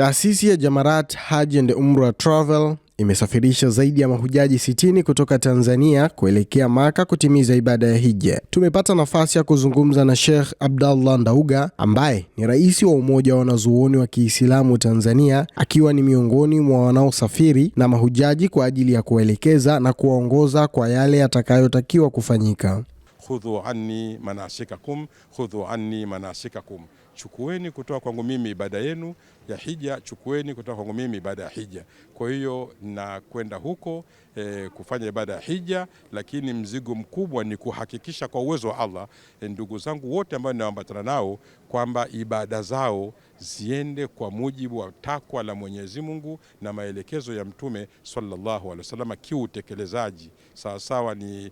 Taasisi ya Jamarat haji and Umrah Travel imesafirisha zaidi ya mahujaji 60 kutoka Tanzania kuelekea Maka kutimiza ibada ya hija. Tumepata nafasi ya kuzungumza na Sheikh Abdallah Ndauga ambaye ni rais wa Umoja wa Wanazuoni wa Kiislamu Tanzania, akiwa ni miongoni mwa wanaosafiri na mahujaji kwa ajili ya kuwaelekeza na kuwaongoza kwa yale yatakayotakiwa kufanyika. Khudhu anni manasikakum khudhu anni manasikakum chukueni kutoka kwangu mimi ibada yenu ya hija, chukueni kutoka kwangu mimi ibada ya hija. Kwa hiyo nakwenda huko e, kufanya ibada ya hija, lakini mzigo mkubwa ni kuhakikisha kwa uwezo wa Allah e, ndugu zangu wote ambao ninaambatana nao kwamba ibada zao ziende kwa mujibu wa takwa la Mwenyezi Mungu na maelekezo ya Mtume sallallahu alaihi wasallam kiutekelezaji, sawasawa ni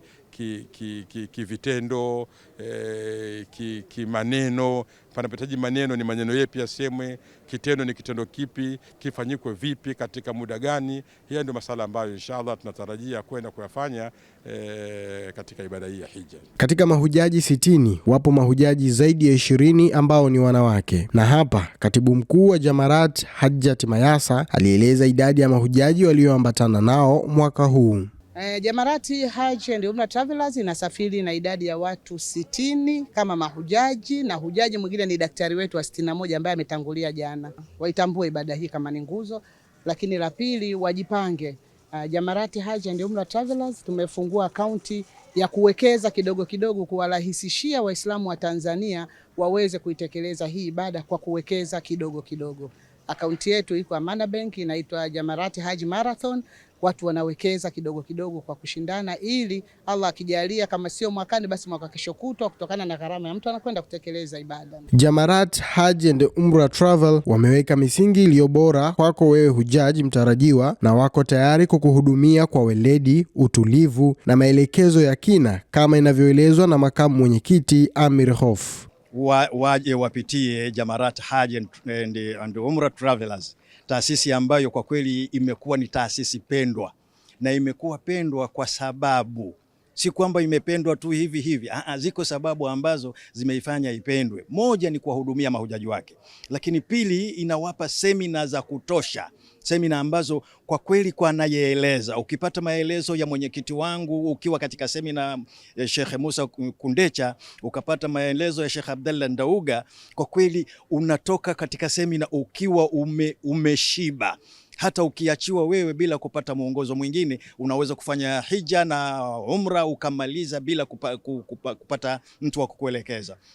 kivitendo ki, ki, ki eh, kimaneno ki panapitaji maneno ni maneno yepi yasemwe, kitendo ni kitendo kipi, kifanyikwe vipi, katika muda gani. Hiyo ndio masala ambayo inshallah tunatarajia kwenda kuyafanya eh, katika ibada hii ya hija. Katika mahujaji sitini wapo mahujaji zaidi ya ishirini ambao ni wanawake na hapa Katibu mkuu wa Jamarat Hajjat Mayasa alieleza idadi ya mahujaji walioambatana nao mwaka huu. Eh, Jamarati Hajj and Umrah Travelers inasafiri na idadi ya watu sitini kama mahujaji na hujaji mwingine ni daktari wetu wa sitini na moja ambaye ametangulia jana. Waitambue ibada hii kama ni nguzo, lakini la pili wajipange. Uh, e, Jamarati Hajj and Umrah Travelers tumefungua akaunti ya kuwekeza kidogo kidogo kuwarahisishia Waislamu wa Tanzania waweze kuitekeleza hii ibada kwa kuwekeza kidogo kidogo. Akaunti yetu iko Amana Bank, inaitwa Jamarat Haji Marathon. Watu wanawekeza kidogo kidogo kwa kushindana, ili Allah akijalia, kama sio mwakani, basi mwaka kesho kutwa, kutokana na gharama ya mtu anakwenda kutekeleza ibada. Jamarat Haji and Umra Travel wameweka misingi iliyo bora kwako wewe hujaji mtarajiwa, na wako tayari kukuhudumia kwa weledi, utulivu na maelekezo ya kina, kama inavyoelezwa na makamu mwenyekiti Amir Hof wa, waje wapitie Jamarat Hajj and, and, and Umrah Travelers, taasisi ambayo kwa kweli imekuwa ni taasisi pendwa na imekuwa pendwa kwa sababu si kwamba imependwa tu hivi hivi. Aa, ah, ah, ziko sababu ambazo zimeifanya ipendwe. Moja ni kuwahudumia mahujaji wake, lakini pili inawapa semina za kutosha, semina ambazo kwa kweli kwa anayeeleza, ukipata maelezo ya mwenyekiti wangu ukiwa katika semina ya eh, Sheikh Musa Kundecha, ukapata maelezo ya Sheikh Abdallah Ndauga, kwa kweli unatoka katika semina ukiwa ume, umeshiba hata ukiachiwa wewe bila kupata mwongozo mwingine, unaweza kufanya hija na umra ukamaliza bila kupa, kupata mtu wa kukuelekeza.